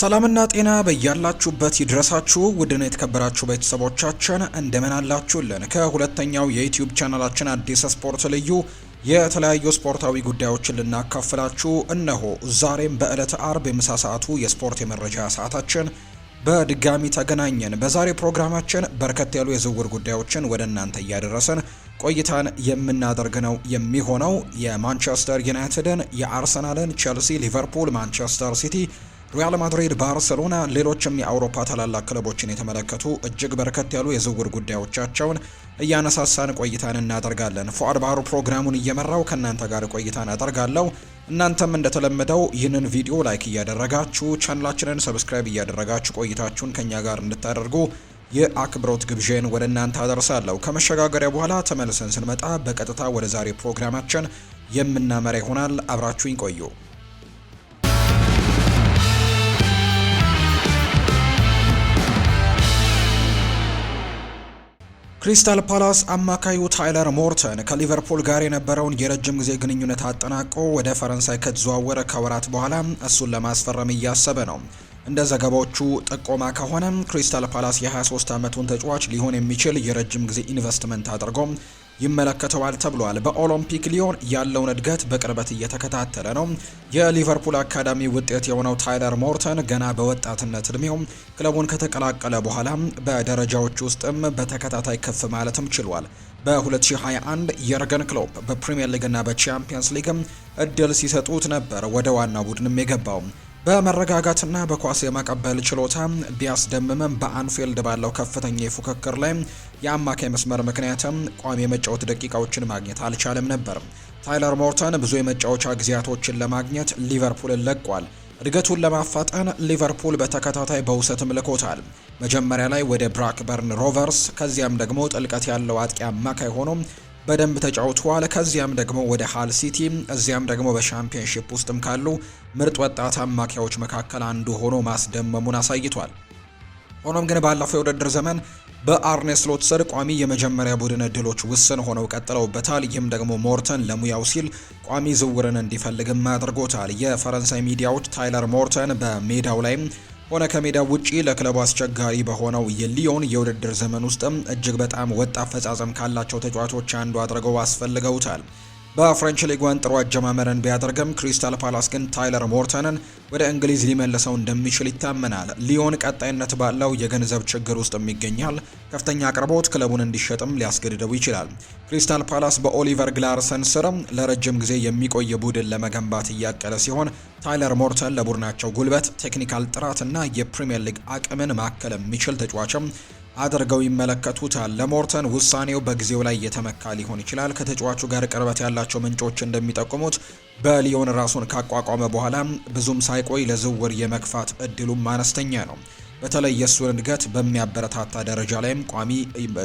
ሰላምና ጤና በያላችሁበት ይድረሳችሁ ውድን የተከበራችሁ ቤተሰቦቻችን እንደምን አላችሁልን? ከሁለተኛው የዩትዩብ ቻናላችን አዲስ ስፖርት ልዩ የተለያዩ ስፖርታዊ ጉዳዮችን ልናካፍላችሁ እነሆ ዛሬም በዕለተ አርብ የምሳ ሰዓቱ የስፖርት የመረጃ ሰዓታችን በድጋሚ ተገናኘን። በዛሬ ፕሮግራማችን በርከት ያሉ የዝውውር ጉዳዮችን ወደ እናንተ እያደረስን ቆይታን የምናደርግ ነው የሚሆነው የማንቸስተር ዩናይትድን፣ የአርሰናልን፣ ቼልሲ፣ ሊቨርፑል፣ ማንቸስተር ሲቲ ሪያል ማድሪድ፣ ባርሰሎና፣ ሌሎችም የአውሮፓ ታላላቅ ክለቦችን የተመለከቱ እጅግ በርከት ያሉ የዝውውር ጉዳዮቻቸውን እያነሳሳን ቆይታን እናደርጋለን። ፉአድ ባህሩ ፕሮግራሙን እየመራው ከእናንተ ጋር ቆይታን አደርጋለሁ። እናንተም እንደተለመደው ይህንን ቪዲዮ ላይክ እያደረጋችሁ ቻናላችንን ሰብስክራይብ እያደረጋችሁ ቆይታችሁን ከኛ ጋር እንድታደርጉ የአክብሮት ግብዣን ወደ እናንተ አደርሳለሁ። ከመሸጋገሪያ በኋላ ተመልሰን ስንመጣ በቀጥታ ወደ ዛሬ ፕሮግራማችን የምናመራ ይሆናል። አብራችሁኝ ቆዩ። ክሪስታል ፓላስ አማካዩ ታይለር ሞርተን ከሊቨርፑል ጋር የነበረውን የረጅም ጊዜ ግንኙነት አጠናቆ ወደ ፈረንሳይ ከተዘዋወረ ከወራት በኋላ እሱን ለማስፈረም እያሰበ ነው። እንደ ዘገባዎቹ ጥቆማ ከሆነ ክሪስታል ፓላስ የ23 ዓመቱን ተጫዋች ሊሆን የሚችል የረጅም ጊዜ ኢንቨስትመንት አድርጎ ይመለከተዋል ተብሏል። በኦሎምፒክ ሊዮን ያለውን እድገት በቅርበት እየተከታተለ ነው። የሊቨርፑል አካዳሚ ውጤት የሆነው ታይለር ሞርተን ገና በወጣትነት እድሜው ክለቡን ከተቀላቀለ በኋላ በደረጃዎች ውስጥም በተከታታይ ከፍ ማለትም ችሏል። በ2021 የርገን ክሎፕ በፕሪምየር ሊግና በቻምፒየንስ ሊግም እድል ሲሰጡት ነበር ወደ ዋና ቡድንም የገባው። በመረጋጋትና በኳስ የመቀበል ችሎታ ቢያስደምምም በአንፊልድ ባለው ከፍተኛ የፉክክር ላይ የአማካይ መስመር ምክንያትም ቋሚ የመጫወት ደቂቃዎችን ማግኘት አልቻለም ነበር። ታይለር ሞርተን ብዙ የመጫወቻ ጊዜያቶችን ለማግኘት ሊቨርፑልን ለቋል። እድገቱን ለማፋጠን ሊቨርፑል በተከታታይ በውሰትም ልኮታል። መጀመሪያ ላይ ወደ ብራክበርን ሮቨርስ ከዚያም ደግሞ ጥልቀት ያለው አጥቂ አማካይ ሆኖ በደንብ ተጫውተዋል። ከዚያም ደግሞ ወደ ሃል ሲቲ እዚያም ደግሞ በሻምፒየንሺፕ ውስጥም ካሉ ምርጥ ወጣት አማካዮች መካከል አንዱ ሆኖ ማስደመሙን አሳይቷል። ሆኖም ግን ባለፈው የውድድር ዘመን በአርኔ ስሎት ስር ቋሚ የመጀመሪያ ቡድን እድሎች ውስን ሆነው ቀጥለውበታል። ይህም ደግሞ ሞርተን ለሙያው ሲል ቋሚ ዝውውርን እንዲፈልግም አድርጎታል። የፈረንሳይ ሚዲያዎች ታይለር ሞርተን በሜዳው ላይም ሆነ ከሜዳ ውጪ ለክለቡ አስቸጋሪ በሆነው የሊዮን የውድድር ዘመን ውስጥም እጅግ በጣም ወጥ አፈጻጸም ካላቸው ተጫዋቾች አንዱ አድርገው አስፈልገውታል። በፍሬንች ሊጓን ጥሩ አጀማመርን ቢያደርግም ክሪስታል ፓላስ ግን ታይለር ሞርተንን ወደ እንግሊዝ ሊመልሰው እንደሚችል ይታመናል። ሊዮን ቀጣይነት ባለው የገንዘብ ችግር ውስጥ ይገኛል። ከፍተኛ አቅርቦት ክለቡን እንዲሸጥም ሊያስገድደው ይችላል። ክሪስታል ፓላስ በኦሊቨር ግላርሰን ስርም ለረጅም ጊዜ የሚቆይ ቡድን ለመገንባት እያቀለ ሲሆን ታይለር ሞርተን ለቡድናቸው ጉልበት፣ ቴክኒካል ጥራትና የፕሪምየር ሊግ አቅምን ማከል የሚችል ተጫዋችም አድርገው ይመለከቱታል። ለሞርተን ውሳኔው በጊዜው ላይ የተመካ ሊሆን ይችላል። ከተጫዋቹ ጋር ቅርበት ያላቸው ምንጮች እንደሚጠቁሙት በሊዮን ራሱን ካቋቋመ በኋላ ብዙም ሳይቆይ ለዝውውር የመክፋት እድሉም አነስተኛ ነው። በተለይ የእሱን እድገት በሚያበረታታ ደረጃ ላይም ቋሚ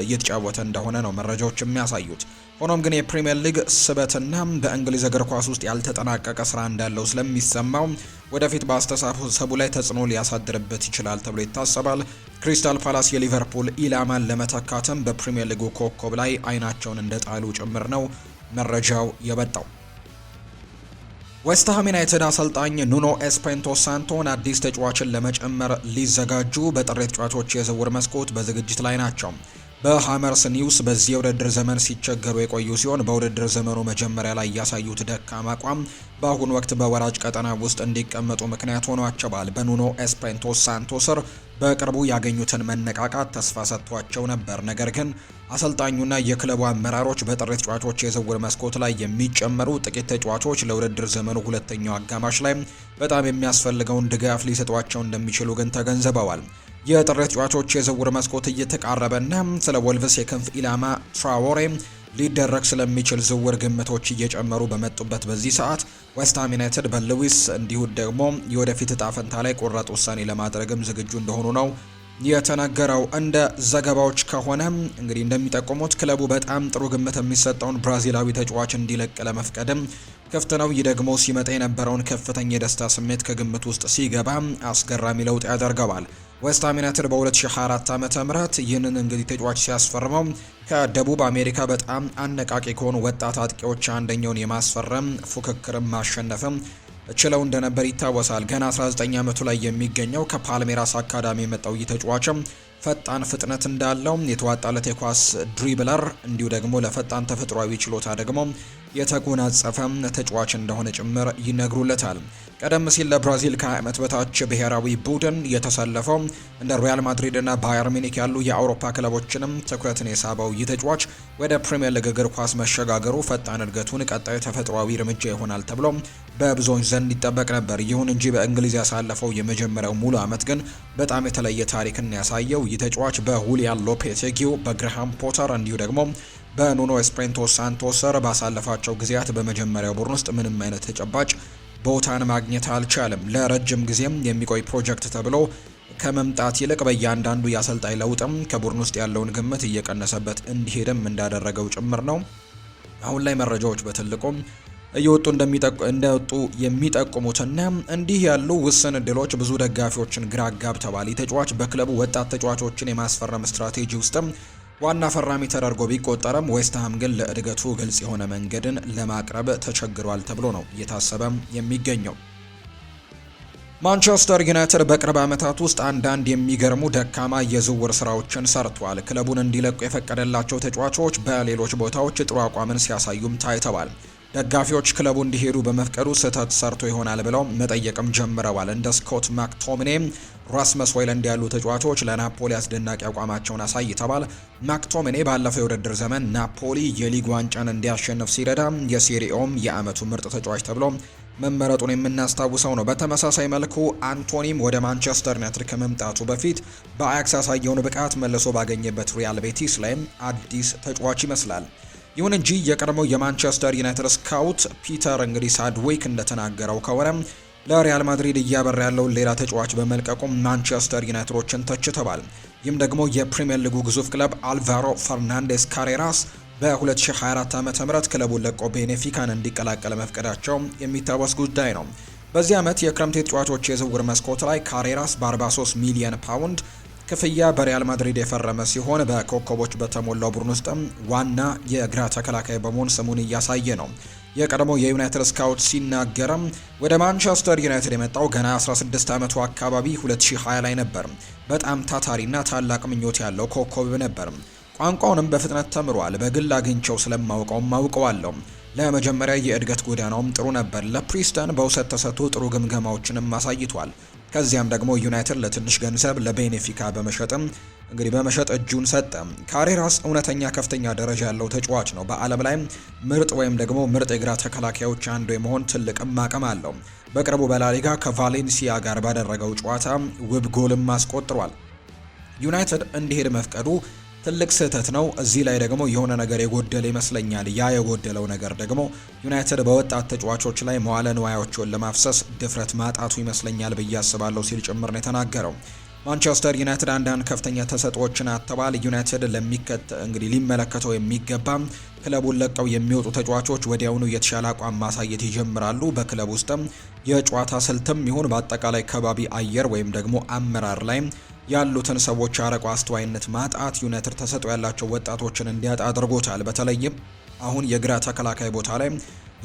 እየተጫወተ እንደሆነ ነው መረጃዎች የሚያሳዩት። ሆኖም ግን የፕሪምየር ሊግ ስበትና በእንግሊዝ እግር ኳስ ውስጥ ያልተጠናቀቀ ስራ እንዳለው ስለሚሰማው ወደፊት በአስተሳሰቡ ላይ ተጽዕኖ ሊያሳድርበት ይችላል ተብሎ ይታሰባል። ክሪስታል ፓላስ የሊቨርፑል ኢላማን ለመተካትም በፕሪምየር ሊጉ ኮከብ ላይ አይናቸውን እንደጣሉ ጭምር ነው መረጃው የበጣው። ዌስትሃም ዩናይትድ አሰልጣኝ ኑኖ ኤስፔንቶ ሳንቶን አዲስ ተጫዋችን ለመጨመር ሊዘጋጁ በጥሬ ተጫዋቾች የዝውውር መስኮት በዝግጅት ላይ ናቸው። በሃመርስ ኒውስ በዚህ የውድድር ዘመን ሲቸገሩ የቆዩ ሲሆን በውድድር ዘመኑ መጀመሪያ ላይ ያሳዩት ደካማ አቋም በአሁኑ ወቅት በወራጅ ቀጠና ውስጥ እንዲቀመጡ ምክንያት ሆኗቸዋል። በኑኖ ኤስፔንቶስ ሳንቶ ስር በቅርቡ ያገኙትን መነቃቃት ተስፋ ሰጥቷቸው ነበር። ነገር ግን አሰልጣኙና የክለቡ አመራሮች በጥሬ ተጫዋቾች የዝውውር መስኮት ላይ የሚጨመሩ ጥቂት ተጫዋቾች ለውድድር ዘመኑ ሁለተኛው አጋማሽ ላይ በጣም የሚያስፈልገውን ድጋፍ ሊሰጧቸው እንደሚችሉ ግን ተገንዝበዋል። የጥሬ ተጫዋቾች የዝውውር መስኮት እየተቃረበና ስለ ወልቭስ የክንፍ ኢላማ ትራዎሬ ሊደረግ ስለሚችል ዝውውር ግምቶች እየጨመሩ በመጡበት በዚህ ሰዓት ዌስትሃም ዩናይትድ በሉዊስ እንዲሁም ደግሞ የወደፊት እጣ ፈንታ ላይ ቆራጥ ውሳኔ ለማድረግም ዝግጁ እንደሆኑ ነው የተነገረው። እንደ ዘገባዎች ከሆነ እንግዲህ እንደሚጠቁሙት ክለቡ በጣም ጥሩ ግምት የሚሰጠውን ብራዚላዊ ተጫዋች እንዲለቅ ለመፍቀድም ክፍት ነው። ይህ ደግሞ ሲመጣ የነበረውን ከፍተኛ የደስታ ስሜት ከግምት ውስጥ ሲገባ አስገራሚ ለውጥ ያደርገዋል። ዌስትሃም ዩናይትድ በ 2024 ዓመተ ምህረት ይህንን እንግዲህ ተጫዋች ሲያስፈርመው ከደቡብ አሜሪካ በጣም አነቃቂ ከሆኑ ወጣት አጥቂዎች አንደኛውን የማስፈረም ፉክክርም ማሸነፍም ችለው እንደነበር ይታወሳል። ገና 19 ዓመቱ ላይ የሚገኘው ከፓልሜራስ አካዳሚ የመጣው ይህ ተጫዋችም ፈጣን ፍጥነት እንዳለው የተዋጣለት የኳስ ድሪብለር እንዲሁ ደግሞ ለፈጣን ተፈጥሯዊ ችሎታ ደግሞ የተጎናጸፈ ተጫዋች እንደሆነ ጭምር ይነግሩለታል። ቀደም ሲል ለብራዚል ከ20 ዓመት በታች ብሔራዊ ቡድን የተሰለፈው እንደ ሪያል ማድሪድ እና ባየር ሚኒክ ያሉ የአውሮፓ ክለቦችንም ትኩረትን የሳበው ይህ ተጫዋች ወደ ፕሪምየር ሊግ እግር ኳስ መሸጋገሩ ፈጣን እድገቱን ቀጣዩ ተፈጥሯዊ እርምጃ ይሆናል ተብሎ በብዙዎች ዘንድ ይጠበቅ ነበር። ይሁን እንጂ በእንግሊዝ ያሳለፈው የመጀመሪያው ሙሉ ዓመት ግን በጣም የተለየ ታሪክን ያሳየው ይህ ተጫዋች በሁሊያን ሎፔቴጊው በግርሃም ፖተር እንዲሁ ደግሞ በኑኖ ስፕሬንቶ ሳንቶሰር ባሳለፋቸው ጊዜያት በመጀመሪያው ቡድን ውስጥ ምንም አይነት ተጨባጭ ቦታን ማግኘት አልቻለም። ለረጅም ጊዜም የሚቆይ ፕሮጀክት ተብሎ ከመምጣት ይልቅ በእያንዳንዱ የአሰልጣኝ ለውጥም ከቡድን ውስጥ ያለውን ግምት እየቀነሰበት እንዲሄድም እንዳደረገው ጭምር ነው። አሁን ላይ መረጃዎች በትልቁም እየወጡ እንደወጡ የሚጠቁሙትና እንዲህ ያሉ ውስን እድሎች ብዙ ደጋፊዎችን ግራ አጋብተዋል። ተጫዋች በክለቡ ወጣት ተጫዋቾችን የማስፈረም ስትራቴጂ ውስጥም ዋና ፈራሚ ተደርጎ ቢቆጠርም ዌስትሃም ግን ለእድገቱ ግልጽ የሆነ መንገድን ለማቅረብ ተቸግሯል ተብሎ ነው እየታሰበም የሚገኘው። ማንቸስተር ዩናይትድ በቅርብ ዓመታት ውስጥ አንዳንድ የሚገርሙ ደካማ የዝውውር ስራዎችን ሰርቷል። ክለቡን እንዲለቁ የፈቀደላቸው ተጫዋቾች በሌሎች ቦታዎች ጥሩ አቋምን ሲያሳዩም ታይተዋል። ደጋፊዎች ክለቡ እንዲሄዱ በመፍቀዱ ስህተት ሰርቶ ይሆናል ብለው መጠየቅም ጀምረዋል። እንደ ስኮት ማክቶሚኔ፣ ራስመስ ሆይለንድ ያሉ ተጫዋቾች ለናፖሊ አስደናቂ አቋማቸውን አሳይተዋል። ማክቶሚኔ ባለፈው የውድድር ዘመን ናፖሊ የሊግ ዋንጫን እንዲያሸንፍ ሲረዳ የሴሪኦም የአመቱ ምርጥ ተጫዋች ተብሎ መመረጡን የምናስታውሰው ነው። በተመሳሳይ መልኩ አንቶኒም ወደ ማንቸስተር ዩናይትድ ከመምጣቱ በፊት በአያክስ ያሳየውን ብቃት መልሶ ባገኘበት ሪያል ቤቲስ ላይም አዲስ ተጫዋች ይመስላል። ይሁን እንጂ የቀድሞው የማንቸስተር ዩናይትድ ስካውት ፒተር እንግዲህ ሳድዌክ እንደተናገረው ከሆነ ለሪያል ማድሪድ እያበራ ያለውን ሌላ ተጫዋች በመልቀቁ ማንቸስተር ዩናይትዶችን ተችተዋል። ይህም ደግሞ የፕሪምየር ሊጉ ግዙፍ ክለብ አልቫሮ ፈርናንዴስ ካሬራስ በ2024 ዓ ም ክለቡን ለቆ ቤኔፊካን እንዲቀላቀል መፍቀዳቸው የሚታወስ ጉዳይ ነው። በዚህ ዓመት የክረምት ተጫዋቾች የዝውውር መስኮት ላይ ካሬራስ በ43 ሚሊየን ፓውንድ ክፍያ በሪያል ማድሪድ የፈረመ ሲሆን በኮከቦች በተሞላው ቡድን ውስጥም ዋና የግራ ተከላካይ በመሆን ስሙን እያሳየ ነው። የቀድሞ የዩናይትድ ስካውት ሲናገርም ወደ ማንቸስተር ዩናይትድ የመጣው ገና 16 ዓመቱ አካባቢ 2020 ላይ ነበር። በጣም ታታሪና ታላቅ ምኞት ያለው ኮከብ ነበር። ቋንቋውንም በፍጥነት ተምሯል። በግል አግኝቸው ስለማውቀውም አውቀዋለሁ። ለመጀመሪያ የእድገት ጎዳናውም ጥሩ ነበር። ለፕሪስተን በውሰት ተሰጥቶ ጥሩ ግምገማዎችንም አሳይቷል። ከዚያም ደግሞ ዩናይትድ ለትንሽ ገንዘብ ለቤኔፊካ በመሸጥም እንግዲህ በመሸጥ እጁን ሰጠ። ካሬራስ እውነተኛ ከፍተኛ ደረጃ ያለው ተጫዋች ነው። በዓለም ላይ ምርጥ ወይም ደግሞ ምርጥ የግራ ተከላካዮች አንዱ የመሆን ትልቅም አቅም አለው። በቅርቡ በላሊጋ ከቫሌንሲያ ጋር ባደረገው ጨዋታ ውብ ጎልም አስቆጥሯል። ዩናይትድ እንዲሄድ መፍቀዱ ትልቅ ስህተት ነው። እዚህ ላይ ደግሞ የሆነ ነገር የጎደለ ይመስለኛል። ያ የጎደለው ነገር ደግሞ ዩናይትድ በወጣት ተጫዋቾች ላይ መዋለ ንዋያዎችን ለማፍሰስ ድፍረት ማጣቱ ይመስለኛል ብዬ አስባለሁ ሲል ጭምር ነው የተናገረው። ማንቸስተር ዩናይትድ አንዳንድ ከፍተኛ ተሰጥኦዎችን አተባል ዩናይትድ ለሚከት እንግዲህ ሊመለከተው የሚገባ ክለቡን ለቀው የሚወጡ ተጫዋቾች ወዲያውኑ የተሻለ አቋም ማሳየት ይጀምራሉ። በክለብ ውስጥም የጨዋታ ስልትም ይሁን በአጠቃላይ ከባቢ አየር ወይም ደግሞ አመራር ላይ ያሉትን ሰዎች አርቆ አስተዋይነት ማጣት ዩናይትድ ተሰጥኦ ያላቸው ወጣቶችን እንዲያጣ አድርጎታል። በተለይም አሁን የግራ ተከላካይ ቦታ ላይ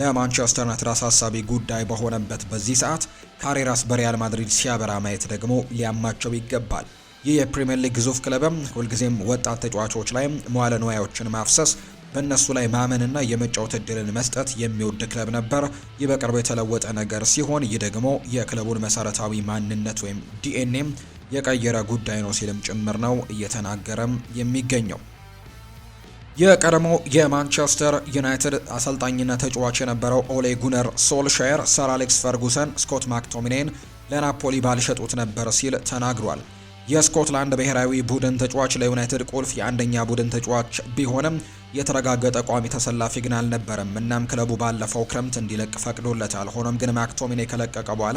ለማንቸስተር ዩናይትድ አሳሳቢ ጉዳይ በሆነበት በዚህ ሰዓት ካሬራስ በሪያል ማድሪድ ሲያበራ ማየት ደግሞ ሊያማቸው ይገባል። ይህ የፕሪምየር ሊግ ግዙፍ ክለብም ሁልጊዜም ወጣት ተጫዋቾች ላይ መዋለ ንዋዮችን ማፍሰስ በእነሱ ላይ ማመንና የመጫወት እድልን መስጠት የሚወድ ክለብ ነበር። ይህ በቅርቡ የተለወጠ ነገር ሲሆን ይህ ደግሞ የክለቡን መሰረታዊ ማንነት ወይም ዲኤንኤም የቀየረ ጉዳይ ነው ሲልም ጭምር ነው እየተናገረም የሚገኘው። የቀድሞ የማንቸስተር ዩናይትድ አሰልጣኝና ተጫዋች የነበረው ኦሌ ጉነር ሶልሻየር ሰር አሌክስ ፈርጉሰን ስኮት ማክቶሚኔን ለናፖሊ ባልሸጡት ነበር ሲል ተናግሯል። የስኮትላንድ ብሔራዊ ቡድን ተጫዋች ለዩናይትድ ቁልፍ የአንደኛ ቡድን ተጫዋች ቢሆንም የተረጋገጠ ቋሚ ተሰላፊ ግን አልነበረም። እናም ክለቡ ባለፈው ክረምት እንዲለቅ ፈቅዶለታል። ሆኖም ግን ማክቶሚኔ ከለቀቀ በኋላ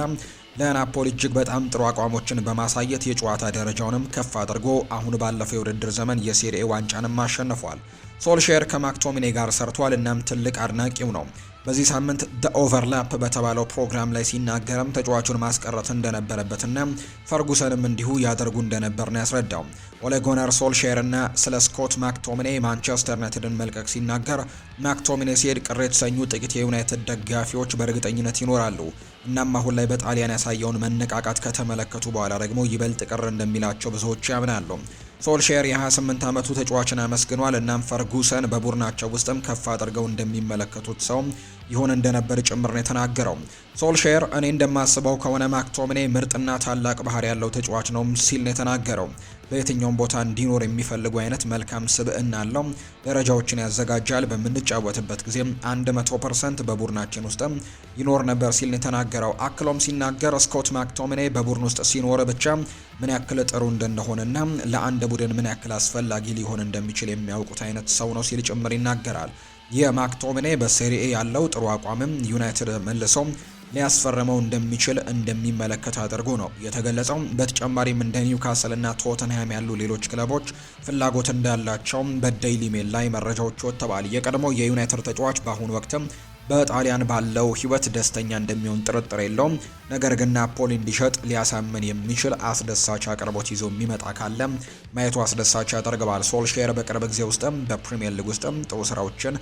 ለናፖሊ እጅግ በጣም ጥሩ አቋሞችን በማሳየት የጨዋታ ደረጃውንም ከፍ አድርጎ አሁን ባለፈው የውድድር ዘመን የሴሪኤ ዋንጫንም አሸንፏል። ሶልሼር ከማክቶሚኔ ጋር ሰርቷል። እናም ትልቅ አድናቂው ነው። በዚህ ሳምንት ደ ኦቨርላፕ በተባለው ፕሮግራም ላይ ሲናገርም ተጫዋቹን ማስቀረት እንደነበረበትና ፈርጉሰንም እንዲሁ ያደርጉ እንደነበር ነው ያስረዳው። ኦሌጎነር ሶልሼር ስለ ስኮት ማክቶሚኔ ማንቸስተር ዩናይትድን መልቀቅ ሲናገር ማክቶሚኔ ሲሄድ ቅር የተሰኙ ጥቂት የዩናይትድ ደጋፊዎች በእርግጠኝነት ይኖራሉ። እናም አሁን ላይ በጣሊያን ያሳየውን መነቃቃት ከተመለከቱ በኋላ ደግሞ ይበልጥ ቅር እንደሚላቸው ብዙዎች ያምናሉ። ሶልሼር የ28 ዓመቱ ተጫዋችን አመስግኗል። እናም ፈርጉሰን በቡድናቸው ውስጥም ከፍ አድርገው እንደሚመለከቱት ሰው ይሆን እንደነበር ጭምር ነው የተናገረው። ሶልሼር እኔ እንደማስበው ከሆነ ማክቶምኔ ምርጥና ታላቅ ባህሪ ያለው ተጫዋች ነው ሲል ነው የተናገረው። በየትኛውም ቦታ እንዲኖር የሚፈልጉ አይነት መልካም ስብዕና አለው። ደረጃዎችን ያዘጋጃል። በምንጫወትበት ጊዜ 100% በቡድናችን ውስጥ ይኖር ነበር ሲል የተናገረው። አክሎም ሲናገር ስኮት ማክቶሚኔ በቡድን ውስጥ ሲኖር ብቻ ምን ያክል ጥሩ እንደሆነና ለአንድ ቡድን ምን ያክል አስፈላጊ ሊሆን እንደሚችል የሚያውቁት አይነት ሰው ነው ሲል ጭምር ይናገራል። የማክቶሚኔ በሴሪኤ ያለው ጥሩ አቋምም ዩናይትድ መልሶ ሊያስፈርመው እንደሚችል እንደሚመለከት አድርጎ ነው የተገለጸው። በተጨማሪም እንደ ኒውካስል እና ቶተንሃም ያሉ ሌሎች ክለቦች ፍላጎት እንዳላቸው በዴይሊ ሜል ላይ መረጃዎች ወጥተዋል። የቀድሞው የዩናይትድ ተጫዋች በአሁኑ ወቅትም በጣሊያን ባለው ሕይወት ደስተኛ እንደሚሆን ጥርጥር የለውም። ነገር ግን ናፖሊ እንዲሸጥ ሊያሳምን የሚችል አስደሳች አቅርቦት ይዞ የሚመጣ ካለ ማየቱ አስደሳች ያደርገዋል። ሶልሼር በቅርብ ጊዜ ውስጥም በፕሪምየር ሊግ ውስጥም ጥሩ ስራዎችን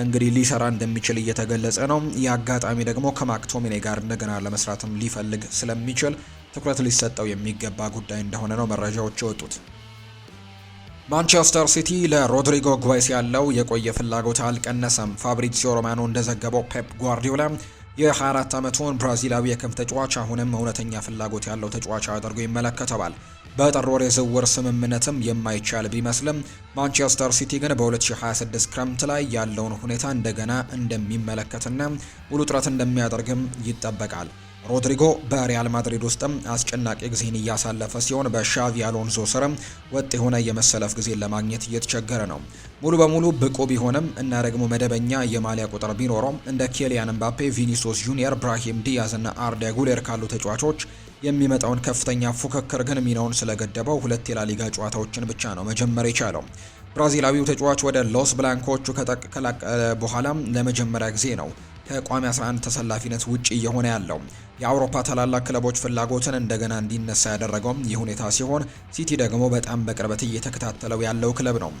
እንግዲህ ሊሰራ እንደሚችል እየተገለጸ ነው። የአጋጣሚ ደግሞ ከማክቶሚኔ ጋር እንደገና ለመስራትም ሊፈልግ ስለሚችል ትኩረት ሊሰጠው የሚገባ ጉዳይ እንደሆነ ነው መረጃዎች የወጡት። ማንቸስተር ሲቲ ለሮድሪጎ ጓይስ ያለው የቆየ ፍላጎት አልቀነሰም። ፋብሪዚዮ ሮማኖ እንደዘገበው ፔፕ ጓርዲዮላ የ24 ዓመቱን ብራዚላዊ የክንፍ ተጫዋች አሁንም እውነተኛ ፍላጎት ያለው ተጫዋች አድርጎ ይመለከተዋል። በጥር ወር የዝውውር ስምምነትም የማይቻል ቢመስልም ማንቸስተር ሲቲ ግን በ2026 ክረምት ላይ ያለውን ሁኔታ እንደገና እንደሚመለከትና ሙሉ ጥረት እንደሚያደርግም ይጠበቃል። ሮድሪጎ በሪያል ማድሪድ ውስጥም አስጨናቂ ጊዜን እያሳለፈ ሲሆን በሻቪ አሎንሶ ስርም ወጥ የሆነ የመሰለፍ ጊዜን ለማግኘት እየተቸገረ ነው። ሙሉ በሙሉ ብቁ ቢሆንም እና ደግሞ መደበኛ የማሊያ ቁጥር ቢኖረውም እንደ ኬሊያን ምባፔ፣ ቪኒሶስ ጁኒየር፣ ብራሂም ዲያዝ እና አርዳ ጉሌር ካሉ ተጫዋቾች የሚመጣውን ከፍተኛ ፉክክር ግን ሚናውን ስለገደበው ሁለት የላሊጋ ጨዋታዎችን ብቻ ነው መጀመር የቻለው። ብራዚላዊው ተጫዋች ወደ ሎስ ብላንኮቹ ከተቀላቀለ በኋላም ለመጀመሪያ ጊዜ ነው ከቋሚ 11 ተሰላፊነት ውጪ እየሆነ ያለው። የአውሮፓ ታላላቅ ክለቦች ፍላጎትን እንደገና እንዲነሳ ያደረገውም ይህ ሁኔታ ሲሆን ሲቲ ደግሞ በጣም በቅርበት እየተከታተለው ያለው ክለብ ነው።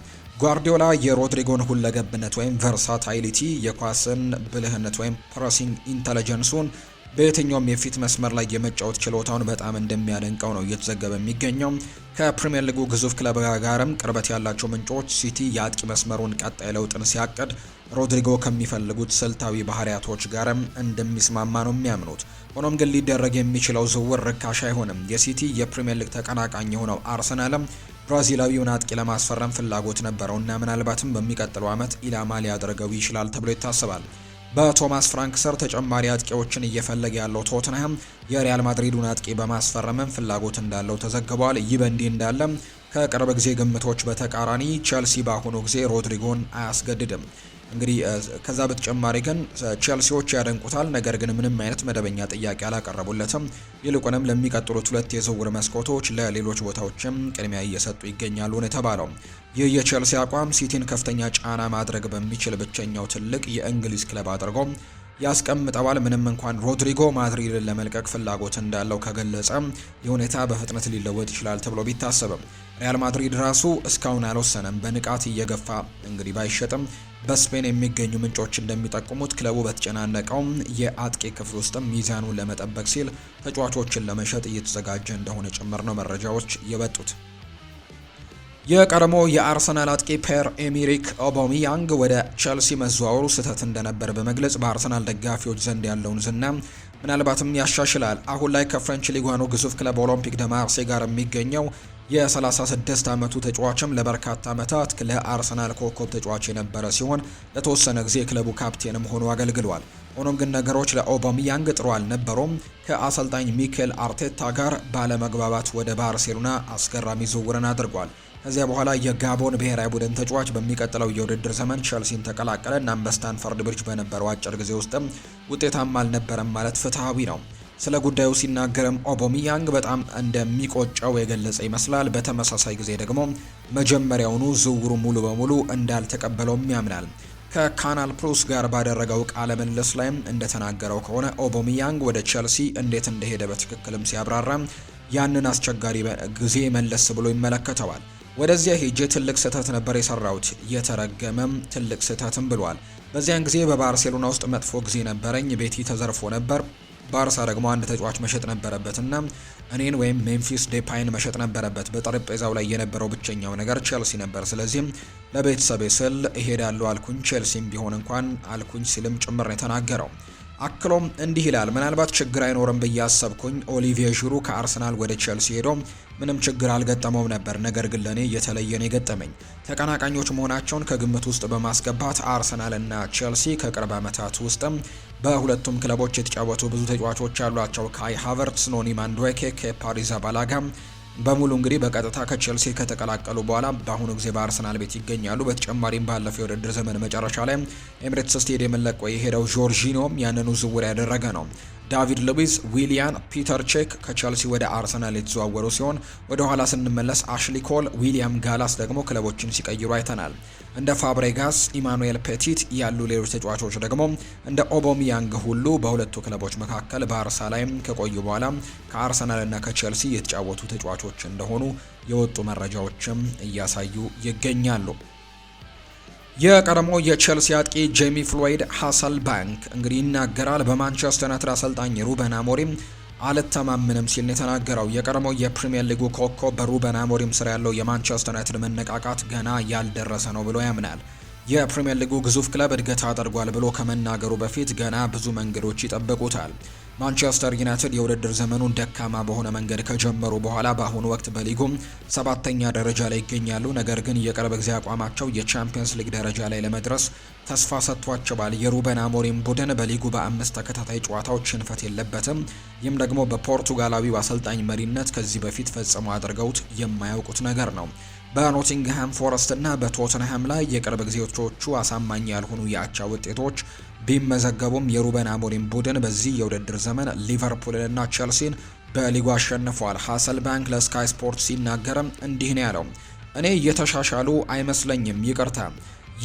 ጓርዲዮላ የሮድሪጎን ሁለገብነት ወይም ቨርሳታይሊቲ የኳስን ብልህነት ወይም ፕረሲንግ ኢንተለጀንሱን በየትኛውም የፊት መስመር ላይ የመጫወት ችሎታውን በጣም እንደሚያደንቀው ነው እየተዘገበ የሚገኘው። ከፕሪምየር ሊጉ ግዙፍ ክለብ ጋርም ቅርበት ያላቸው ምንጮች ሲቲ የአጥቂ መስመሩን ቀጣይ ለውጥን ሲያቅድ ሮድሪጎ ከሚፈልጉት ስልታዊ ባህሪያቶች ጋርም እንደሚስማማ ነው የሚያምኑት። ሆኖም ግን ሊደረግ የሚችለው ዝውውር ርካሽ አይሆንም። የሲቲ የፕሪምየር ሊግ ተቀናቃኝ የሆነው አርሰናልም ብራዚላዊውን አጥቂ ለማስፈረም ፍላጎት ነበረውና ምናልባትም በሚቀጥለው ዓመት ኢላማ ሊያደርገው ይችላል ተብሎ ይታሰባል። በቶማስ ፍራንክ ስር ተጨማሪ አጥቂዎችን እየፈለገ ያለው ቶትንሃም የሪያል ማድሪዱን አጥቂ በማስፈረምም ፍላጎት እንዳለው ተዘግቧል። ይህ በእንዲህ እንዳለ ከቅርብ ጊዜ ግምቶች በተቃራኒ ቸልሲ በአሁኑ ጊዜ ሮድሪጎን አያስገድድም። እንግዲህ ከዛ በተጨማሪ ግን ቼልሲዎች ያደንቁታል፣ ነገር ግን ምንም አይነት መደበኛ ጥያቄ አላቀረቡለትም። ይልቁንም ለሚቀጥሉት ሁለት የዝውውር መስኮቶች ለሌሎች ቦታዎችም ቅድሚያ እየሰጡ ይገኛሉ ነው የተባለው። ይህ የቼልሲ አቋም ሲቲን ከፍተኛ ጫና ማድረግ በሚችል ብቸኛው ትልቅ የእንግሊዝ ክለብ አድርጎ ያስቀምጠዋል። ምንም እንኳን ሮድሪጎ ማድሪድን ለመልቀቅ ፍላጎት እንዳለው ከገለጸ የሁኔታ በፍጥነት ሊለወጥ ይችላል ተብሎ ቢታሰብም ሪያል ማድሪድ ራሱ እስካሁን አልወሰነም። በንቃት እየገፋ እንግዲህ ባይሸጥም በስፔን የሚገኙ ምንጮች እንደሚጠቁሙት ክለቡ በተጨናነቀው የአጥቂ ክፍል ውስጥም ሚዛኑን ለመጠበቅ ሲል ተጫዋቾችን ለመሸጥ እየተዘጋጀ እንደሆነ ጭምር ነው መረጃዎች የወጡት። የቀድሞ የአርሰናል አጥቂ ፔር ኤሚሪክ ኦቦሚያንግ ወደ ቸልሲ መዘዋወሩ ስህተት እንደነበር በመግለጽ በአርሰናል ደጋፊዎች ዘንድ ያለውን ዝና ምናልባትም ያሻሽላል። አሁን ላይ ከፍረንች ሊጓኑ ግዙፍ ክለብ ኦሎምፒክ ደማርሴ ጋር የሚገኘው የ36 ዓመቱ ተጫዋችም ለበርካታ ዓመታት ለአርሰናል ኮከብ ተጫዋች የነበረ ሲሆን ለተወሰነ ጊዜ ክለቡ ካፕቴንም ሆኖ አገልግሏል። ሆኖም ግን ነገሮች ለኦባሚያንግ ጥሩ አልነበሩም። ከአሰልጣኝ ሚኬል አርቴታ ጋር ባለመግባባት ወደ ባርሴሎና አስገራሚ ዝውውርን አድርጓል። ከዚያ በኋላ የጋቦን ብሔራዊ ቡድን ተጫዋች በሚቀጥለው የውድድር ዘመን ቸልሲን ተቀላቀለ እና በስታንፈርድ ብሪጅ በነበረው አጭር ጊዜ ውስጥም ውጤታማ አልነበረም ማለት ፍትሐዊ ነው። ስለ ጉዳዩ ሲናገርም ኦቦሚያንግ በጣም እንደሚቆጨው የገለጸ ይመስላል። በተመሳሳይ ጊዜ ደግሞ መጀመሪያውኑ ዝውውሩ ሙሉ በሙሉ እንዳልተቀበለውም ያምናል። ከካናል ፕሉስ ጋር ባደረገው ቃለ ምልልስ ላይም እንደተናገረው ከሆነ ኦቦሚያንግ ወደ ቼልሲ እንዴት እንደሄደ በትክክልም ሲያብራራ ያንን አስቸጋሪ ጊዜ መለስ ብሎ ይመለከተዋል። ወደዚያ ሄጄ ትልቅ ስህተት ነበር የሰራሁት፣ የተረገመም ትልቅ ስህተትም ብሏል። በዚያን ጊዜ በባርሴሎና ውስጥ መጥፎ ጊዜ ነበረኝ። ቤቲ ተዘርፎ ነበር ባርሳ ደግሞ አንድ ተጫዋች መሸጥ እና እኔን ወይም ሜምፊስ ዴፓይን መሸጥ ነበረበት። በጠረጴዛው ላይ የነበረው ብቸኛው ነገር ቼልሲ ነበር። ስለዚህም ለቤተሰቤ ስል እሄዳለሁ አልኩኝ። ቼልሲም ቢሆን እንኳን አልኩኝ ሲልም ጭምር ነው የተናገረው። አክሎም እንዲህ ይላል። ምናልባት ችግር አይኖርም ብዬ አሰብኩኝ። ኦሊቪዬ ዥሩ ከአርሰናል ወደ ቼልሲ ሄዶ ምንም ችግር አልገጠመውም ነበር። ነገር ግን ለእኔ የተለየ ነው የገጠመኝ። ተቀናቃኞች መሆናቸውን ከግምት ውስጥ በማስገባት አርሰናል እና ቼልሲ ከቅርብ ዓመታት ውስጥም በሁለቱም ክለቦች የተጫወቱ ብዙ ተጫዋቾች ያሏቸው ካይ ሃቨርትስ፣ ኖኒ ማንዱዌኬ፣ ኬፓ አሪዛባላጋ በሙሉ እንግዲህ በቀጥታ ከቼልሲ ከተቀላቀሉ በኋላ በአሁኑ ጊዜ በአርሰናል ቤት ይገኛሉ። በተጨማሪም ባለፈው የውድድር ዘመን መጨረሻ ላይ ኤምሬትስ ስቴዲየም ለቆ የሄደው ጆርጂኖም ያንኑ ዝውውር ያደረገ ነው። ዳቪድ ሉዊዝ፣ ዊሊያን፣ ፒተር ቼክ ከቸልሲ ወደ አርሰናል የተዘዋወሩ ሲሆን ወደ ኋላ ስንመለስ አሽሊ ኮል፣ ዊሊያም ጋላስ ደግሞ ክለቦችን ሲቀይሩ አይተናል። እንደ ፋብሬጋስ፣ ኢማኑኤል ፔቲት ያሉ ሌሎች ተጫዋቾች ደግሞ እንደ ኦቦሚያንግ ሁሉ በሁለቱ ክለቦች መካከል ባርሳ ላይም ከቆዩ በኋላ ከአርሰናልና ከቸልሲ የተጫወቱ ተጫዋቾች እንደሆኑ የወጡ መረጃዎችም እያሳዩ ይገኛሉ። የቀድሞ የቼልሲ አጥቂ ጄሚ ፍሎይድ ሀሰል ባንክ እንግዲህ ይናገራል። በማንቸስተር ዩናይትድ አሰልጣኝ ሩበን አሞሪም አልተማምንም ሲል ነው የተናገረው። የቀድሞ የፕሪምየር ሊጉ ኮከብ በሩበን አሞሪም ስር ያለው የማንቸስተር ዩናይትድ መነቃቃት ገና ያልደረሰ ነው ብሎ ያምናል። የፕሪምየር ሊጉ ግዙፍ ክለብ እድገት አድርጓል ብሎ ከመናገሩ በፊት ገና ብዙ መንገዶች ይጠብቁታል። ማንቸስተር ዩናይትድ የውድድር ዘመኑን ደካማ በሆነ መንገድ ከጀመሩ በኋላ በአሁኑ ወቅት በሊጉ ሰባተኛ ደረጃ ላይ ይገኛሉ። ነገር ግን የቅርብ ጊዜ አቋማቸው የቻምፒየንስ ሊግ ደረጃ ላይ ለመድረስ ተስፋ ሰጥቷቸዋል። የሩበን አሞሪም ቡድን በሊጉ በአምስት ተከታታይ ጨዋታዎች ሽንፈት የለበትም። ይህም ደግሞ በፖርቱጋላዊው አሰልጣኝ መሪነት ከዚህ በፊት ፈጽሞ አድርገውት የማያውቁት ነገር ነው። በኖቲንግሃም ፎረስት እና በቶተንሃም ላይ የቅርብ ጊዜዎቹ አሳማኝ ያልሆኑ የአቻ ውጤቶች ቢመዘገቡም የሩበን አሞሪም ቡድን በዚህ የውድድር ዘመን ና ቼልሲን በሊጉ አሸንፏል። ሀሰል ባንክ ለስካይ ስፖርት ሲናገርም እንዲህ ነው ያለው። እኔ እየተሻሻሉ አይመስለኝም። ይቅርታ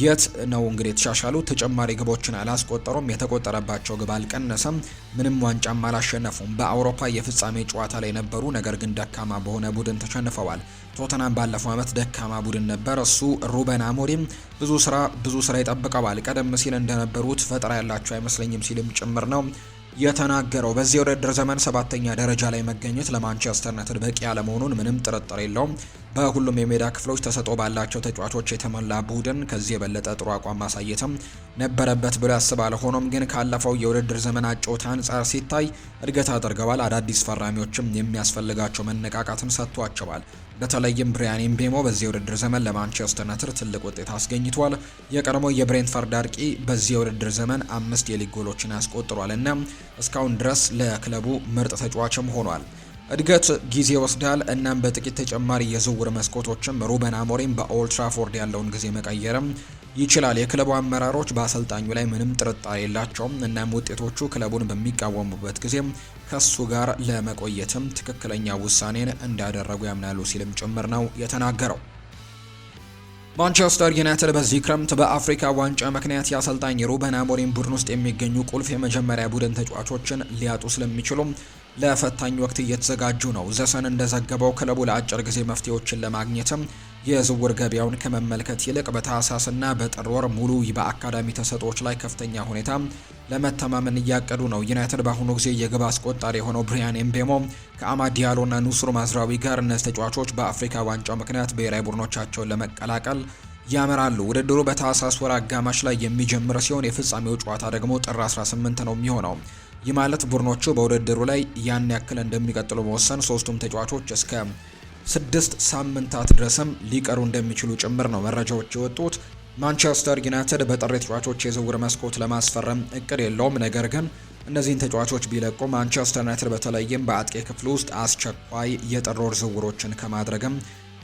የት ነው እንግዲህ የተሻሻሉት? ተጨማሪ ግቦችን አላስቆጠሩም። የተቆጠረባቸው ግብ አልቀነሰም። ምንም ዋንጫም አላሸነፉም። በአውሮፓ የፍጻሜ ጨዋታ ላይ ነበሩ፣ ነገር ግን ደካማ በሆነ ቡድን ተሸንፈዋል። ቶተናም ባለፈው ዓመት ደካማ ቡድን ነበር። እሱ ሩበን አሞሪም ብዙ ስራ ብዙ ስራ ይጠብቀዋል። ቀደም ሲል እንደነበሩት ፈጠራ ያላቸው አይመስለኝም ሲልም ጭምር ነው የተናገረው። በዚህ የውድድር ዘመን ሰባተኛ ደረጃ ላይ መገኘት ለማንቸስተር ዩናይትድ በቂ ያለመሆኑን ምንም ጥርጥር የለውም። በሁሉም የሜዳ ክፍሎች ተሰጥኦ ባላቸው ተጫዋቾች የተሞላ ቡድን ከዚህ የበለጠ ጥሩ አቋም ማሳየትም ነበረበት ብሎ ያስባል። ሆኖም ግን ካለፈው የውድድር ዘመን አጨዋወት አንጻር ሲታይ እድገት አድርገዋል። አዳዲስ ፈራሚዎችም የሚያስፈልጋቸው መነቃቃትን ሰጥቷቸዋል። በተለይም ብሪያን ኤምቤሞ በዚህ የውድድር ዘመን ለማንቸስተር ዩናይትድ ትልቅ ውጤት አስገኝቷል። የቀድሞ የብሬንትፈርድ አርቂ በዚህ ውድድር ዘመን አምስት የሊግ ጎሎችን አስቆጥሯል እና እስካሁን ድረስ ለክለቡ ምርጥ ተጫዋችም ሆኗል። እድገት ጊዜ ወስዳል። እናም በጥቂት ተጨማሪ የዝውውር መስኮቶችም ሩበን አሞሪም በኦልትራፎርድ ያለውን ጊዜ መቀየርም ይችላል። የክለቡ አመራሮች በአሰልጣኙ ላይ ምንም ጥርጣሬ የላቸውም። እናም ውጤቶቹ ክለቡን በሚቃወሙበት ጊዜ ከሱ ጋር ለመቆየትም ትክክለኛ ውሳኔን እንዳደረጉ ያምናሉ ሲልም ጭምር ነው የተናገረው። ማንቸስተር ዩናይትድ በዚህ ክረምት በአፍሪካ ዋንጫ ምክንያት የአሰልጣኝ ሩበን አሞሪም ቡድን ውስጥ የሚገኙ ቁልፍ የመጀመሪያ ቡድን ተጫዋቾችን ሊያጡ ስለሚችሉ ለፈታኝ ወቅት እየተዘጋጁ ነው። ዘሰን እንደዘገበው ክለቡ ለአጭር ጊዜ መፍትሄዎችን ለማግኘትም የዝውውር ገበያውን ከመመልከት ይልቅ በታህሳስና በጥር ወር ሙሉ በአካዳሚ ተሰጦች ላይ ከፍተኛ ሁኔታ ለመተማመን እያቀዱ ነው። ዩናይትድ በአሁኑ ጊዜ የግብ አስቆጣሪ የሆነው ብሪያን ኤምቤሞ ከአማድ ዲያሎና ኑሱር ማዝራዊ ጋር እነዚህ ተጫዋቾች በአፍሪካ ዋንጫው ምክንያት ብሔራዊ ቡድኖቻቸውን ለመቀላቀል ያመራሉ። ውድድሩ በታህሳስ ወር አጋማሽ ላይ የሚጀምር ሲሆን የፍጻሜው ጨዋታ ደግሞ ጥር 18 ነው የሚሆነው። ይህ ማለት ቡድኖቹ በውድድሩ ላይ ያን ያክል እንደሚቀጥሉ መወሰን ሶስቱም ተጫዋቾች እስከ ስድስት ሳምንታት ድረስም ሊቀሩ እንደሚችሉ ጭምር ነው መረጃዎች የወጡት። ማንቸስተር ዩናይትድ በጥር ተጫዋቾች የዝውውር መስኮት ለማስፈረም እቅድ የለውም። ነገር ግን እነዚህን ተጫዋቾች ቢለቁ ማንቸስተር ዩናይትድ በተለይም በአጥቂ ክፍል ውስጥ አስቸኳይ የጥሮር ዝውውሮችን ከማድረግም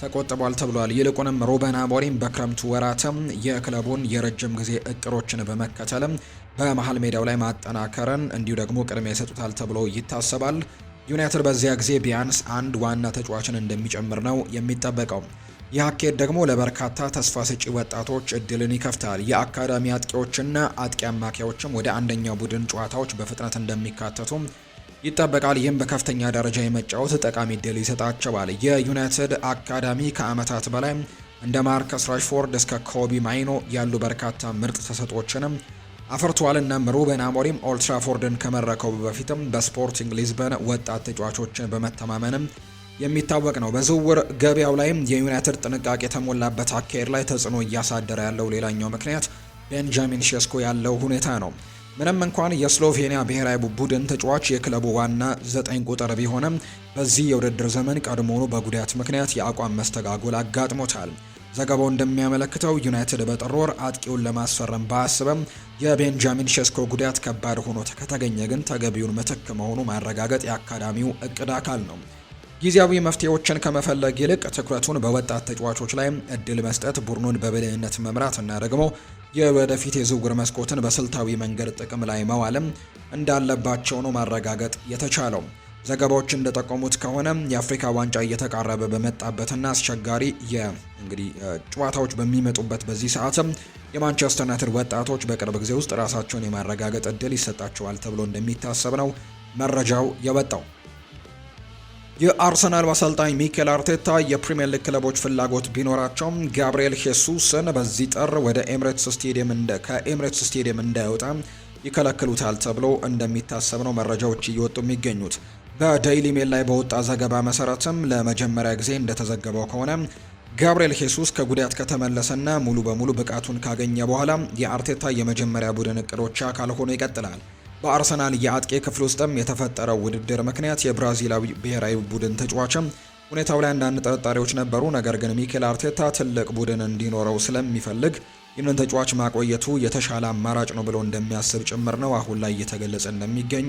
ተቆጥቧል ተብሏል። ይልቁንም ሩበን አሞሪም በክረምቱ ወራትም የክለቡን የረጅም ጊዜ እቅዶችን በመከተልም በመሀል ሜዳው ላይ ማጠናከርን እንዲሁ ደግሞ ቅድሚያ ይሰጡታል ተብሎ ይታሰባል። ዩናይትድ በዚያ ጊዜ ቢያንስ አንድ ዋና ተጫዋችን እንደሚጨምር ነው የሚጠበቀው። ይህ አካሄድ ደግሞ ለበርካታ ተስፋ ሰጪ ወጣቶች እድልን ይከፍታል። የአካዳሚ አጥቂዎችና አጥቂ አማካዮችም ወደ አንደኛው ቡድን ጨዋታዎች በፍጥነት እንደሚካተቱም ይጠበቃል። ይህም በከፍተኛ ደረጃ የመጫወት ጠቃሚ እድል ይሰጣቸዋል። የዩናይትድ አካዳሚ ከዓመታት በላይ እንደ ማርከስ ራሽፎርድ እስከ ኮቢ ማይኖ ያሉ በርካታ ምርጥ ተሰጦችንም አፍርቷልናም ሩበን አሞሪም ኦልትራፎርድን ከመረከቡ በፊትም በስፖርቲንግ ሊዝበን ወጣት ተጫዋቾችን በመተማመንም የሚታወቅ ነው። በዝውውር ገበያው ላይም የዩናይትድ ጥንቃቄ የተሞላበት አካሄድ ላይ ተጽዕኖ እያሳደረ ያለው ሌላኛው ምክንያት ቤንጃሚን ሼስኮ ያለው ሁኔታ ነው። ምንም እንኳን የስሎቬኒያ ብሔራዊ ቡድን ተጫዋች የክለቡ ዋና ዘጠኝ ቁጥር ቢሆንም በዚህ የውድድር ዘመን ቀድሞውኑ በጉዳት ምክንያት የአቋም መስተጋጎል አጋጥሞታል። ዘገባው እንደሚያመለክተው ዩናይትድ በጥር ወር አጥቂውን ለማስፈረም ባያስበም የቤንጃሚን ሸስኮ ጉዳት ከባድ ሆኖ ከተገኘ ግን ተገቢውን ምትክ መሆኑ ማረጋገጥ የአካዳሚው እቅድ አካል ነው። ጊዜያዊ መፍትሄዎችን ከመፈለግ ይልቅ ትኩረቱን በወጣት ተጫዋቾች ላይ እድል መስጠት፣ ቡድኑን በብልህነት መምራት እና ደግሞ የወደፊት የዝውውር መስኮትን በስልታዊ መንገድ ጥቅም ላይ መዋልም እንዳለባቸው ነው ማረጋገጥ የተቻለው። ዘገባዎች እንደጠቆሙት ከሆነ የአፍሪካ ዋንጫ እየተቃረበ በመጣበትና አስቸጋሪ የእንግዲህ ጨዋታዎች በሚመጡበት በዚህ ሰዓትም የማንቸስተር ዩናይትድ ወጣቶች በቅርብ ጊዜ ውስጥ ራሳቸውን የማረጋገጥ እድል ይሰጣቸዋል ተብሎ እንደሚታሰብ ነው መረጃው የወጣው። የአርሰናል አሰልጣኝ ሚኬል አርቴታ የፕሪምየር ሊግ ክለቦች ፍላጎት ቢኖራቸውም ጋብርኤል ሄሱስን በዚህ ጥር ወደ ኤምሬትስ ስቴዲየም እንደ ከኤምሬትስ ስቴዲየም እንዳይወጣ ይከለክሉታል ተብሎ እንደሚታሰብ ነው መረጃዎች እየወጡ የሚገኙት። በዴይሊ ሜል ላይ በወጣ ዘገባ መሰረትም ለመጀመሪያ ጊዜ እንደተዘገበው ከሆነ ጋብርኤል ሄሱስ ከጉዳት ከተመለሰና ሙሉ በሙሉ ብቃቱን ካገኘ በኋላ የአርቴታ የመጀመሪያ ቡድን እቅዶች አካል ሆኖ ይቀጥላል። በአርሰናል የአጥቂ ክፍል ውስጥም የተፈጠረው ውድድር ምክንያት የብራዚላዊ ብሔራዊ ቡድን ተጫዋችም ሁኔታው ላይ አንዳንድ ጥርጣሬዎች ነበሩ። ነገር ግን ሚኬል አርቴታ ትልቅ ቡድን እንዲኖረው ስለሚፈልግ ይህንን ተጫዋች ማቆየቱ የተሻለ አማራጭ ነው ብሎ እንደሚያስብ ጭምር ነው አሁን ላይ እየተገለጸ እንደሚገኝ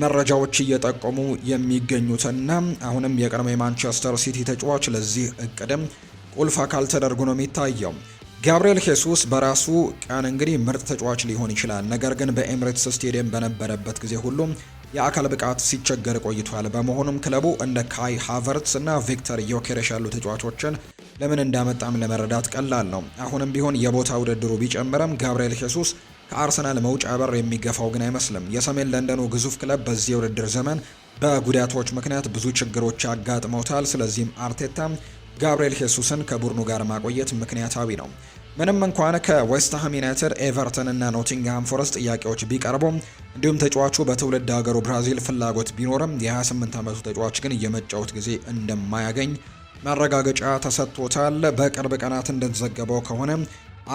መረጃዎች እየጠቆሙ የሚገኙትና አሁንም የቀድሞ የማንቸስተር ሲቲ ተጫዋች ለዚህ እቅድም ቁልፍ አካል ተደርጎ ነው የሚታየው። ጋብሪኤል ሄሱስ በራሱ ቀን እንግዲህ ምርጥ ተጫዋች ሊሆን ይችላል። ነገር ግን በኤምሬትስ ስቴዲየም በነበረበት ጊዜ ሁሉም የአካል ብቃት ሲቸገር ቆይቷል። በመሆኑም ክለቡ እንደ ካይ ሃቨርትስ እና ቪክተር ዮኬሬሽ ያሉ ተጫዋቾችን ለምን እንዳመጣም ለመረዳት ቀላል ነው። አሁንም ቢሆን የቦታ ውድድሩ ቢጨምረም ጋብሪኤል ሄሱስ ከአርሰናል መውጫ በር የሚገፋው ግን አይመስልም። የሰሜን ለንደኑ ግዙፍ ክለብ በዚህ የውድድር ዘመን በጉዳቶች ምክንያት ብዙ ችግሮች አጋጥመውታል ስለዚህም አርቴታ ጋብርኤል ሄሱስን ከቡድኑ ጋር ማቆየት ምክንያታዊ ነው። ምንም እንኳን ከዌስትሃም ዩናይትድ፣ ኤቨርተን እና ኖቲንግሃም ፎረስት ጥያቄዎች ቢቀርቡም እንዲሁም ተጫዋቹ በትውልድ ሀገሩ ብራዚል ፍላጎት ቢኖርም የ28 ዓመቱ ተጫዋች ግን የመጫወት ጊዜ እንደማያገኝ ማረጋገጫ ተሰጥቶታል። በቅርብ ቀናት እንደተዘገበው ከሆነ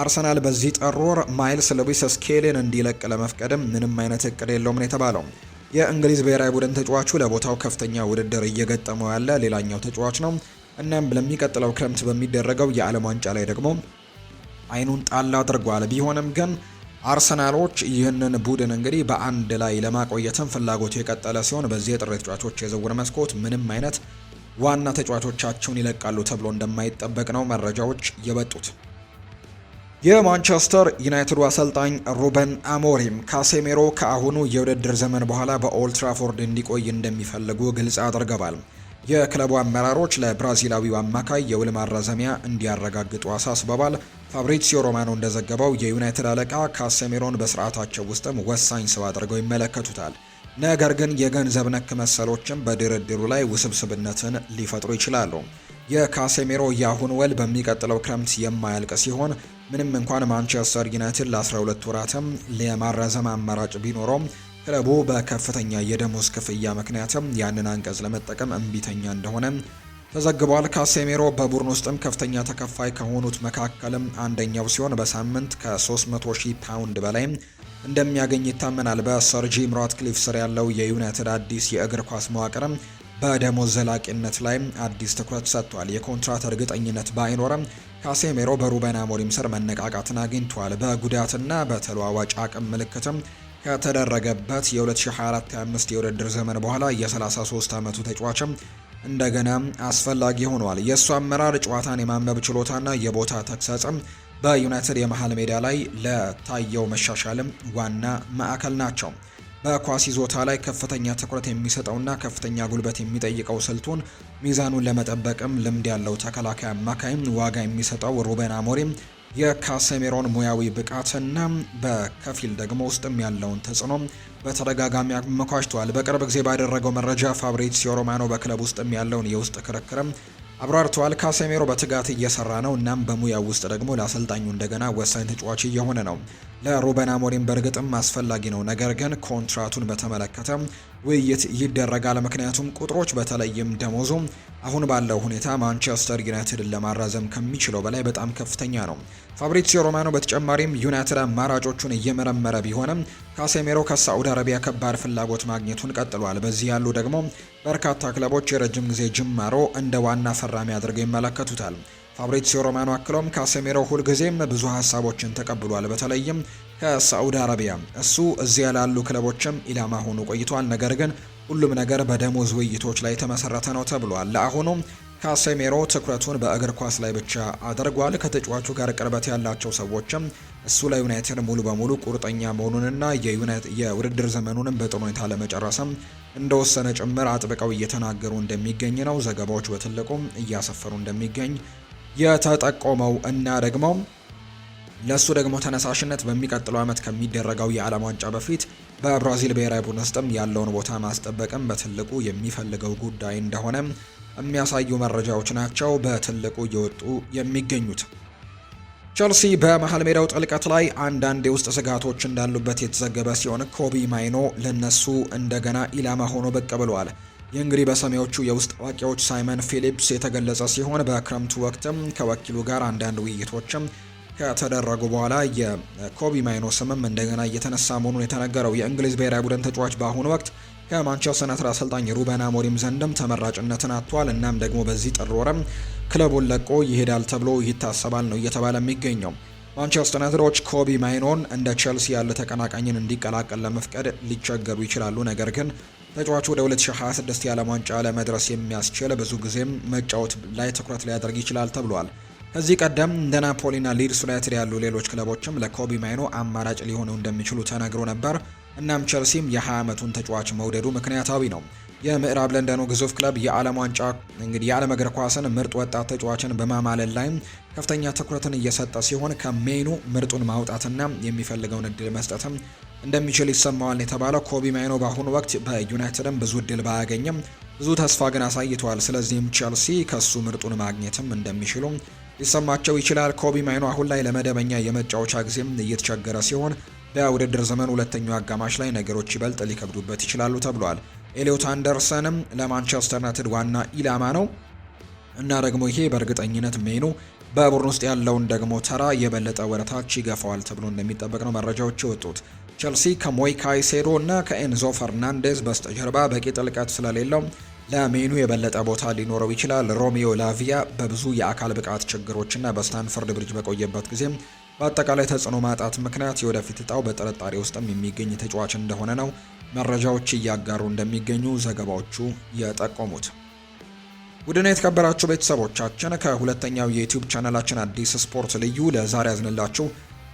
አርሰናል በዚህ ጥር ወር ማይልስ ሉዊስ ስኬሊን እንዲለቅ ለመፍቀድም ምንም አይነት እቅድ የለውም ነው የተባለው። የእንግሊዝ ብሔራዊ ቡድን ተጫዋቹ ለቦታው ከፍተኛ ውድድር እየገጠመው ያለ ሌላኛው ተጫዋች ነው። እናም ለሚቀጥለው ክረምት በሚደረገው የዓለም ዋንጫ ላይ ደግሞ አይኑን ጣል አድርጓል። ቢሆንም ግን አርሰናሎች ይህንን ቡድን እንግዲህ በአንድ ላይ ለማቆየትም ፍላጎቱ የቀጠለ ሲሆን በዚህ የጥር ተጫዋቾች የዝውውር መስኮት ምንም አይነት ዋና ተጫዋቾቻቸውን ይለቃሉ ተብሎ እንደማይጠበቅ ነው መረጃዎች የበጡት። የማንቸስተር ዩናይትዱ አሰልጣኝ ሩበን አሞሪም ካሴሜሮ ከአሁኑ የውድድር ዘመን በኋላ በኦልትራፎርድ እንዲቆይ እንደሚፈልጉ ግልጽ አድርገዋል። የክለቡ አመራሮች ለብራዚላዊው አማካይ የውል ማራዘሚያ እንዲያረጋግጡ አሳስበዋል። ፋብሪሲዮ ሮማኖ እንደዘገበው የዩናይትድ አለቃ ካሴሜሮን በስርዓታቸው ውስጥም ወሳኝ ሰው አድርገው ይመለከቱታል። ነገር ግን የገንዘብ ነክ መሰሎችም በድርድሩ ላይ ውስብስብነትን ሊፈጥሩ ይችላሉ። የካሴሜሮ የአሁን ወል በሚቀጥለው ክረምት የማያልቅ ሲሆን ምንም እንኳን ማንቸስተር ዩናይትድ ለ12 ወራትም ለማራዘም አማራጭ ቢኖረውም ክለቡ በከፍተኛ የደሞዝ ክፍያ ምክንያትም ያንን አንቀጽ ለመጠቀም እምቢተኛ እንደሆነ ተዘግቧል። ካሴሜሮ በቡድን ውስጥም ከፍተኛ ተከፋይ ከሆኑት መካከልም አንደኛው ሲሆን በሳምንት ከ300 ሺህ ፓውንድ በላይ እንደሚያገኝ ይታመናል። በሰር ጂም ራትክሊፍ ስር ያለው የዩናይትድ አዲስ የእግር ኳስ መዋቅርም በደሞዝ ዘላቂነት ላይ አዲስ ትኩረት ሰጥቷል። የኮንትራት እርግጠኝነት ባይኖርም ካሴሜሮ በሩበን አሞሪም ስር መነቃቃትን አግኝቷል። በጉዳትና በተለዋዋጭ አቅም ምልክትም ከተደረገበት የ2024/25 የውድድር ዘመን በኋላ የ33 ዓመቱ ተጫዋችም እንደገና አስፈላጊ ሆኗል። የእሱ አመራር ጨዋታን የማንበብ ችሎታና የቦታ ተግሳጽም በዩናይትድ የመሃል ሜዳ ላይ ለታየው መሻሻልም ዋና ማዕከል ናቸው። በኳስ ይዞታ ላይ ከፍተኛ ትኩረት የሚሰጠውና ከፍተኛ ጉልበት የሚጠይቀው ስልቱን ሚዛኑን ለመጠበቅም ልምድ ያለው ተከላካይ አማካይም ዋጋ የሚሰጠው ሩበን አሞሪም የካሴሜሮን ሙያዊ ብቃትና በከፊል ደግሞ ውስጥም ያለውን ተጽዕኖ በተደጋጋሚ አመኳሽቷል። በቅርብ ጊዜ ባደረገው መረጃ ፋብሪዚዮ ሮማኖ በክለብ ውስጥም ያለውን የውስጥ ክርክርም አብራርተዋል። ካሴሜሮ በትጋት እየሰራ ነው፣ እናም በሙያው ውስጥ ደግሞ ለአሰልጣኙ እንደገና ወሳኝ ተጫዋች እየሆነ ነው። ለሩበን አሞሪም በእርግጥም አስፈላጊ ነው። ነገር ግን ኮንትራቱን በተመለከተ ውይይት ይደረጋል። ምክንያቱም ቁጥሮች በተለይም ደሞዙ አሁን ባለው ሁኔታ ማንቸስተር ዩናይትድን ለማራዘም ከሚችለው በላይ በጣም ከፍተኛ ነው። ፋብሪዚዮ ሮማኖ በተጨማሪም ዩናይትድ አማራጮቹን እየመረመረ ቢሆንም ካሴሜሮ ከሳዑዲ አረቢያ ከባድ ፍላጎት ማግኘቱን ቀጥሏል። በዚህ ያሉ ደግሞ በርካታ ክለቦች የረጅም ጊዜ ጅማሮ እንደ ዋና ፈራሚ አድርገው ይመለከቱታል። ፋብሪዚዮ ሮማኖ አክሎም ካሴሜሮ ሁልጊዜም ብዙ ሀሳቦችን ተቀብሏል። በተለይም ከሳዑዲ አረቢያ እሱ እዚያ ላሉ ክለቦችም ኢላማ ሆኖ ቆይቷል። ነገር ግን ሁሉም ነገር በደሞዝ ውይይቶች ላይ የተመሰረተ ነው ተብሏል። ለአሁኑ ካሴሜሮ ትኩረቱን በእግር ኳስ ላይ ብቻ አድርጓል። ከተጫዋቹ ጋር ቅርበት ያላቸው ሰዎችም እሱ ለዩናይትድ ሙሉ በሙሉ ቁርጠኛ መሆኑንና የውድድር ዘመኑንም በጥሩ ሁኔታ ለመጨረስም እንደወሰነ ጭምር አጥብቀው እየተናገሩ እንደሚገኝ ነው ዘገባዎች በትልቁም እያሰፈሩ እንደሚገኝ የተጠቆመው እና ደግሞ ለእሱ ደግሞ ተነሳሽነት በሚቀጥለው ዓመት ከሚደረገው የዓለም ዋንጫ በፊት በብራዚል ብሔራዊ ቡድን ውስጥም ያለውን ቦታ ማስጠበቅም በትልቁ የሚፈልገው ጉዳይ እንደሆነ የሚያሳዩ መረጃዎች ናቸው በትልቁ እየወጡ የሚገኙት። ቸልሲ በመሀል ሜዳው ጥልቀት ላይ አንዳንድ የውስጥ ስጋቶች እንዳሉበት የተዘገበ ሲሆን ኮቢ ማይኖ ለነሱ እንደገና ኢላማ ሆኖ ብቅ ብሏል። የእንግዲህ በሰሜዎቹ የውስጥ አዋቂዎች ሳይመን ፊሊፕስ የተገለጸ ሲሆን በክረምቱ ወቅትም ከወኪሉ ጋር አንዳንድ ውይይቶችም ከተደረጉ በኋላ የኮቢ ማይኖ ስምም እንደገና እየተነሳ መሆኑን የተነገረው የእንግሊዝ ብሔራዊ ቡድን ተጫዋች በአሁኑ ወቅት ከማንቸስተር ዩናይትድ አሰልጣኝ ሩበን አሞሪም ዘንድም ተመራጭነትን አጥቷል። እናም ደግሞ በዚህ ጥር ወርም ክለቡን ለቆ ይሄዳል ተብሎ ይታሰባል ነው እየተባለ የሚገኘው። ማንቸስተር ዩናይትዶች ኮቢ ማይኖን እንደ ቼልሲ ያለ ተቀናቃኝን እንዲቀላቀል ለመፍቀድ ሊቸገሩ ይችላሉ። ነገር ግን ተጫዋቹ ወደ 2026 የዓለም ዋንጫ ለመድረስ የሚያስችል ብዙ ጊዜም መጫወት ላይ ትኩረት ሊያደርግ ይችላል ተብሏል። ከዚህ ቀደም እንደ ናፖሊና ሊድስ ዩናይትድ ያሉ ሌሎች ክለቦችም ለኮቢ ማይኖ አማራጭ ሊሆኑ እንደሚችሉ ተነግሮ ነበር። እናም ቸልሲም የ20 ዓመቱን ተጫዋች መውደዱ ምክንያታዊ ነው። የምዕራብ ለንደኑ ግዙፍ ክለብ የዓለም ዋንጫ እንግዲህ የዓለም እግር ኳስን ምርጥ ወጣት ተጫዋችን በማማለል ላይም ከፍተኛ ትኩረትን እየሰጠ ሲሆን ከሜኑ ምርጡን ማውጣትና የሚፈልገውን እድል መስጠትም እንደሚችል ይሰማዋል የተባለው ኮቢ ማይኖ በአሁኑ ወቅት በዩናይትድም ብዙ እድል ባያገኝም ብዙ ተስፋ ግን አሳይተዋል። ስለዚህም ቸልሲ ከሱ ምርጡን ማግኘትም እንደሚችሉ ሊሰማቸው ይችላል። ኮቢ ማይኖ አሁን ላይ ለመደበኛ የመጫወቻ ጊዜም እየተቸገረ ሲሆን በውድድር ዘመን ሁለተኛው አጋማሽ ላይ ነገሮች ይበልጥ ሊከብዱበት ይችላሉ ተብሏል። ኤሊዮት አንደርሰንም ለማንቸስተር ዩናይትድ ዋና ኢላማ ነው እና ደግሞ ይሄ በእርግጠኝነት ሜኑ በቡድን ውስጥ ያለውን ደግሞ ተራ የበለጠ ወረታች ይገፋዋል ተብሎ እንደሚጠበቅ ነው መረጃዎች የወጡት። ቸልሲ ከሞይ ካይሴዶ እና ከኤንዞ ፈርናንዴዝ በስተጀርባ በቂ ጥልቀት ስለሌለው ለሜኑ የበለጠ ቦታ ሊኖረው ይችላል። ሮሚዮ ላቪያ በብዙ የአካል ብቃት ችግሮችና በስታንፈርድ ብሪጅ በቆየበት ጊዜም በአጠቃላይ ተጽዕኖ ማጣት ምክንያት የወደፊት እጣው በጥርጣሬ ውስጥም የሚገኝ ተጫዋች እንደሆነ ነው መረጃዎች እያጋሩ እንደሚገኙ ዘገባዎቹ የጠቆሙት። ቡድን የተከበራችሁ ቤተሰቦቻችን ከሁለተኛው የዩቲዩብ ቻናላችን አዲስ ስፖርት ልዩ ለዛሬ ያዝንላችሁ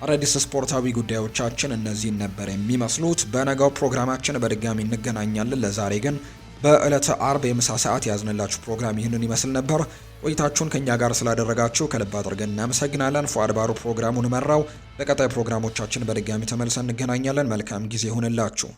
አዳዲስ ስፖርታዊ ጉዳዮቻችን እነዚህን ነበር የሚመስሉት። በነገው ፕሮግራማችን በድጋሚ እንገናኛለን። ለዛሬ ግን በዕለተ አርብ የምሳ ሰዓት ያዝንላችሁ ፕሮግራም ይህንን ይመስል ነበር። ቆይታችሁን ከእኛ ጋር ስላደረጋችሁ ከልብ አድርገን እናመሰግናለን። ፏድ ባሩ ፕሮግራሙን መራው። በቀጣይ ፕሮግራሞቻችን በድጋሚ ተመልሰን እንገናኛለን። መልካም ጊዜ ይሁንላችሁ።